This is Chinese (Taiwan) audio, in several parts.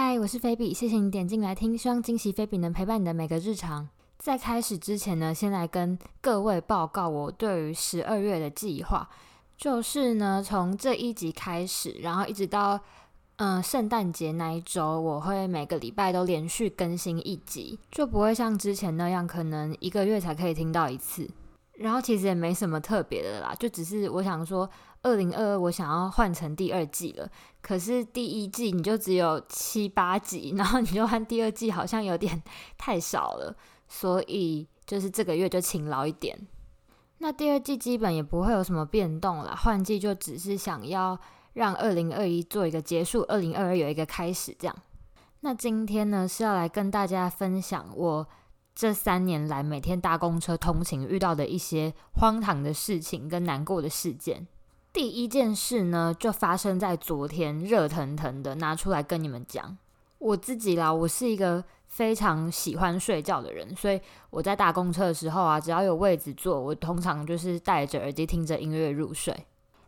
嗨，我是菲比，謝謝你點進來聽，希望今昔菲比能陪伴你的每個日常。在開始之前呢，先來跟各位報告我對於十二月的計劃，就是呢從這一集開始，然後一直到嗯、呃、聖誕節那一周，我會每個禮拜都連續更新一集，就不會像之前那樣可能一個月才可以聽到一次。然後其實也沒什麼特別的啦，就只是我想說。二零二二，我想要換成第二季了。可是第一季你就只有七八集，然後你就換第二季，好像有點太少了。所以就是這個月就勤勞一點。那第二季基本也不會有什麼變動啦。換季就只是想要讓二零二一做一個結束，二零二二有一個開始。這樣。那今天呢是要來跟大家分享我這三年來每天搭公車通勤遇到的一些荒唐的事情跟難過的事件。第一件事呢，就發生在昨天，熱騰騰的拿出來跟你們講。我自己啦，我是一個非常喜歡睡覺的人，所以我在搭公車的時候啊，只要有位置坐，我通常就是戴着耳機聽着音樂入睡。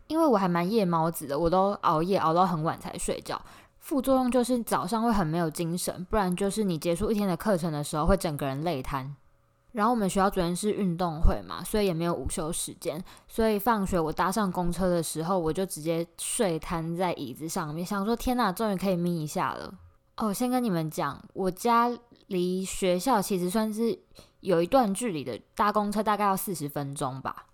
因為我還蠻夜貓子的，我都熬夜熬到很晚才睡覺，副作用就是早上會很沒有精神，不然就是你結束一天的課程的時候會整個人累癱。然後我們學校昨天是運動會嘛，所以也沒有午休時間，所以放學我搭上公車的時候，我就直接睡癱在椅子上面，想說天哪，終於可以眯一下了。哦，先跟你們講，我家離學校其實算是有一段距離的，搭公車大概要四十分鐘吧。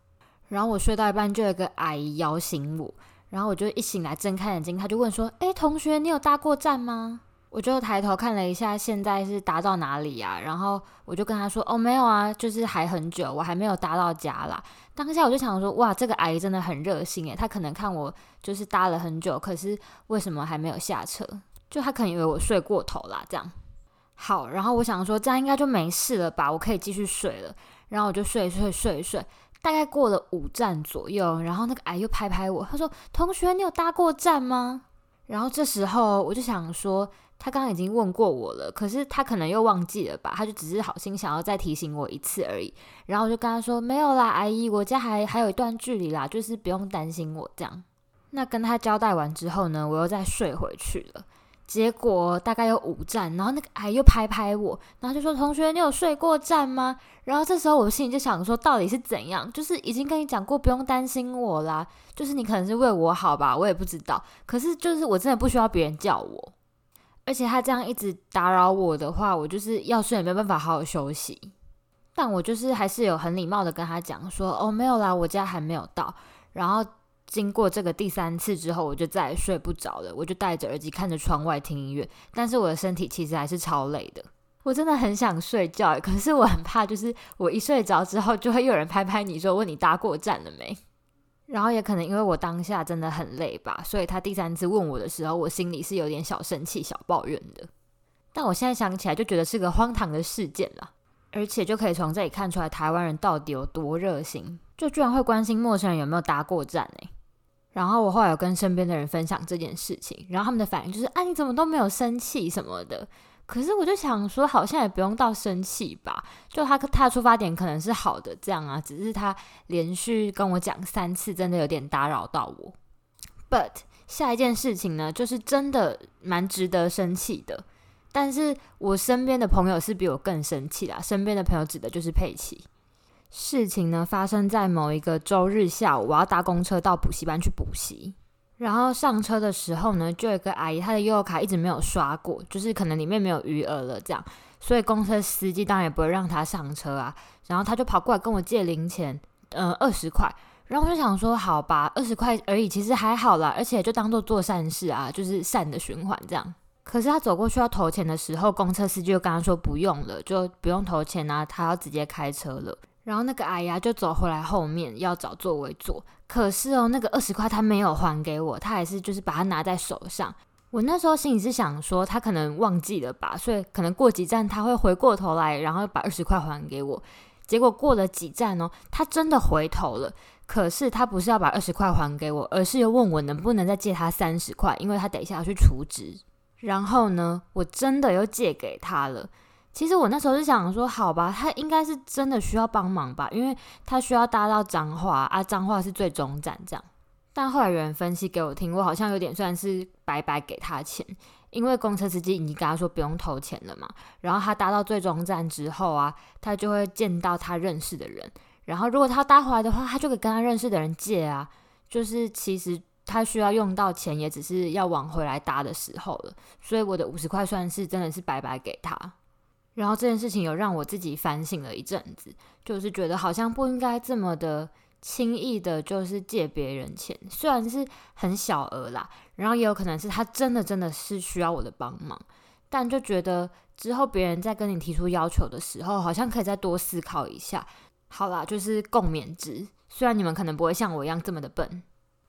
然後我睡到一半，就有個阿姨搖醒我，然後我就一醒來睜開眼睛，她就問說：“誒，同學，你有搭過站嗎？”我就抬頭看了一下，現在是搭到哪裡呀？然後我就跟他說：“哦，沒有啊，就是還很久，我還沒有搭到家啦。”當下我就想說：“哇，這個阿姨真的很熱心誒，她可能看我就是搭了很久，可是為什麼還沒有下車？就她可能以為我睡過頭啦，這樣。”好，然後我想說，這樣應該就沒事了吧，我可以繼續睡了。然後我就睡一睡，睡一睡，大概過了五站左右，然後那個阿姨又拍拍我，她說：“同學，你有搭過站嗎？”然後這時候我就想說。他剛剛已經問過我了，可是他可能又忘記了吧？他就只是好心想要再提醒我一次而已。然後我就跟他說：“沒有啦，阿姨，我家還還有一段距離啦，就是不用擔心我這樣。”那跟他交代完之後呢，我又再睡回去了。結果大概有五站，然後那個阿姨又拍拍我，然後就說：“同學，你有睡過站嗎？”然後這時候我心裡就想說：“到底是怎樣？就是已經跟你講過不用擔心我啦，就是你可能是為我好吧？我也不知道。可是就是我真的不需要別人叫我。”而且他這樣一直打擾我的話，我就是要睡也沒有辦法好好休息。但我就是還是有很禮貌的跟他講說：“哦，沒有啦，我家還沒有到。”然後經過這個第三次之後，我就再也睡不着了。我就戴着耳機看着窗外聽音樂，但是我的身體其實還是超累的。我真的很想睡覺欸，可是我很怕，就是我一睡着之後，就會有人拍拍你說問你搭過站了沒。然後也可能因為我當下真的很累吧，所以他第三次問我的時候，我心裡是有點小生氣、小抱怨的。但我現在想起來就覺得是個荒唐的事件啦，而且就可以從這裡看出來台灣人到底有多熱心，就居然會關心陌生人有沒有搭過站哎、欸。然後我後來有跟身邊的人分享這件事情，然後他們的反應就是：哎、啊，你怎麼都沒有生氣什麼的。可是我就想說，好像也不用到生氣吧，就他他出發點可能是好的，這樣啊，只是他連續跟我講三次，真的有點打擾到我。But 下一件事情呢，就是真的蠻值得生氣的。但是我身邊的朋友是比我更生氣啦啊，身邊的朋友指的就是佩奇。事情呢發生在某一個週日下午，我要搭公車到補習班去補習。然後上車的時候呢，就有一個阿姨，她的悠遊卡一直沒有刷過，就是可能裡面沒有餘額了這樣，所以公車司機當然也不會讓她上車啊。然後她就跑過來跟我借零錢，嗯、呃，二十塊。然後我就想說，好吧，二十塊而已，其實還好啦，而且就當做做善事啊，就是善的循環這樣。可是她走過去要投錢的時候，公車司機就跟她說不用了，就不用投錢啊，她要直接開車了。然後那個阿姨就走回來後面要找座位坐，可是哦，那個二十塊他沒有還給我，他還是就是把它拿在手上。我那時候心裡是想說，他可能忘記了吧，所以可能過幾站他會回過頭來，然後把二十塊還給我。結果過了幾站哦，他真的回頭了，可是他不是要把二十塊還給我，而是又問我能不能再借他三十塊，因為他等一下要去儲值。然後呢，我真的又借給他了。其實我那時候是想說，好吧，他應該是真的需要幫忙吧，因為他需要搭到彰化啊，彰化是最終站這樣。但後來有人分析給我聽，我好像有點算是白白給他錢，因為公車司機已經跟他說不用投錢了嘛。然後他搭到最終站之後啊，他就會見到他認識的人，然後如果他搭回來的話，他就可以跟他認識的人借啊。就是其實他需要用到錢，也只是要往回來搭的時候了。所以我的五十塊算是真的是白白給他。然後這件事情有讓我自己反省了一陣子，就是覺得好像不應該這麼的輕易的，就是借別人錢，雖然是很小額啦，然後也有可能是他真的真的是需要我的幫忙，但就覺得之後別人在跟你提出要求的時候，好像可以再多思考一下。好啦，就是共勉之。雖然你們可能不會像我一樣這麼的笨。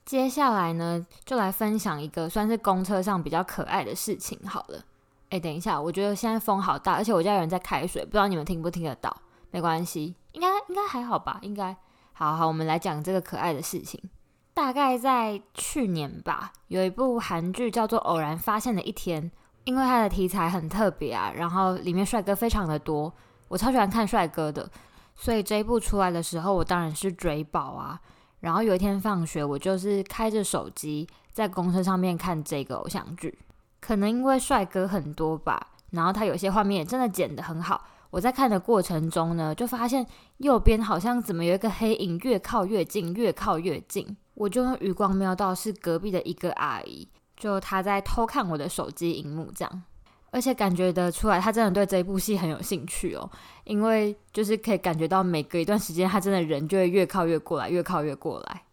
接下來呢，就來分享一個算是公車上比較可愛的事情。好了。哎、欸，等一下，我覺得現在風好大，而且我家有人在開水，不知道你們聽不聽得到？沒關係，應該應該還好吧？應該。好好，我們來講這個可愛的事情。大概在去年吧，有一部韓劇叫做《偶然發現的一天》，因為它的題材很特別啊，然後裡面帥哥非常的多，我超喜歡看帥哥的，所以這一部出來的時候，我當然是追寶啊。然後有一天放學，我就是開着手機在公車上面看這個偶像劇。可能因為帥哥很多吧，然後他有些畫面也真的剪得很好。我在看的過程中呢，就發現右邊好像怎麼有一個黑影越靠越近，越靠越近。我就用餘光瞄到是隔壁的一個阿姨，就她在偷看我的手機熒幕這樣，而且感覺得出來她真的對這一部戲很有興趣哦，因為就是可以感覺到每隔一段時間她真的人就會越靠越過來，越靠越過來。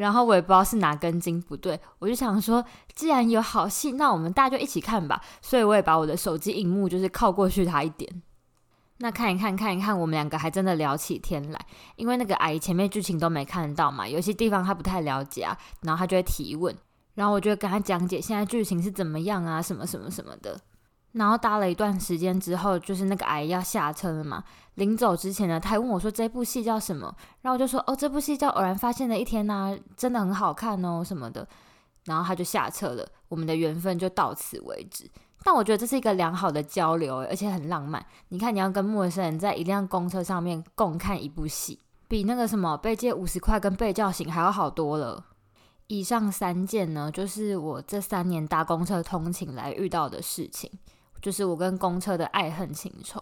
然後我也不知道是哪根筋不對，我就想說，既然有好戲，那我們大家就一起看吧。所以我也把我的手機熒幕就是靠過去它一點，那看一看，看一看，我們兩個還真的聊起天來。因為那個阿姨前面劇情都沒看到嘛，有些地方她不太了解啊，然後她就會提問，然後我就會跟她講解現在劇情是怎麼樣啊，什麼什麼什麼的。然後搭了一段時間之後，就是那個阿姨要下車了嘛。臨走之前呢，他還問我說：“這部戲叫什麼？”然後我就說：“哦，這部戲叫《偶然發現的一天》吶，真的很好看哦，什麼的。”然後他就下車了，我們的緣分就到此為止。但我覺得這是一個良好的交流，而且很浪漫。你看，你要跟陌生人在一輛公車上面共看一部戲，比那個什麼被借五十塊跟被叫醒還要好多了。以上三件呢，就是我這三年搭公車通勤來遇到的事情。就是我跟公車的愛恨情仇。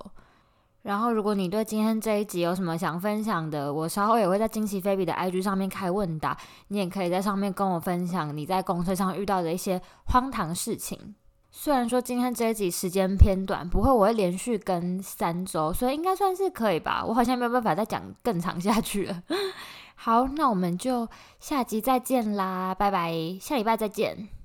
然後，如果你對今天這一集有什麼想分享的，我稍後也會在今昔菲比的 IG 上面開問答，你也可以在上面跟我分享你在公車上遇到的一些荒唐事情。雖然說今天這一集時間偏短，不過我會連續更三週，所以應該算是可以吧？我好像沒有辦法再講更長下去了。好，那我們就下集再見啦，拜拜，下禮拜再見。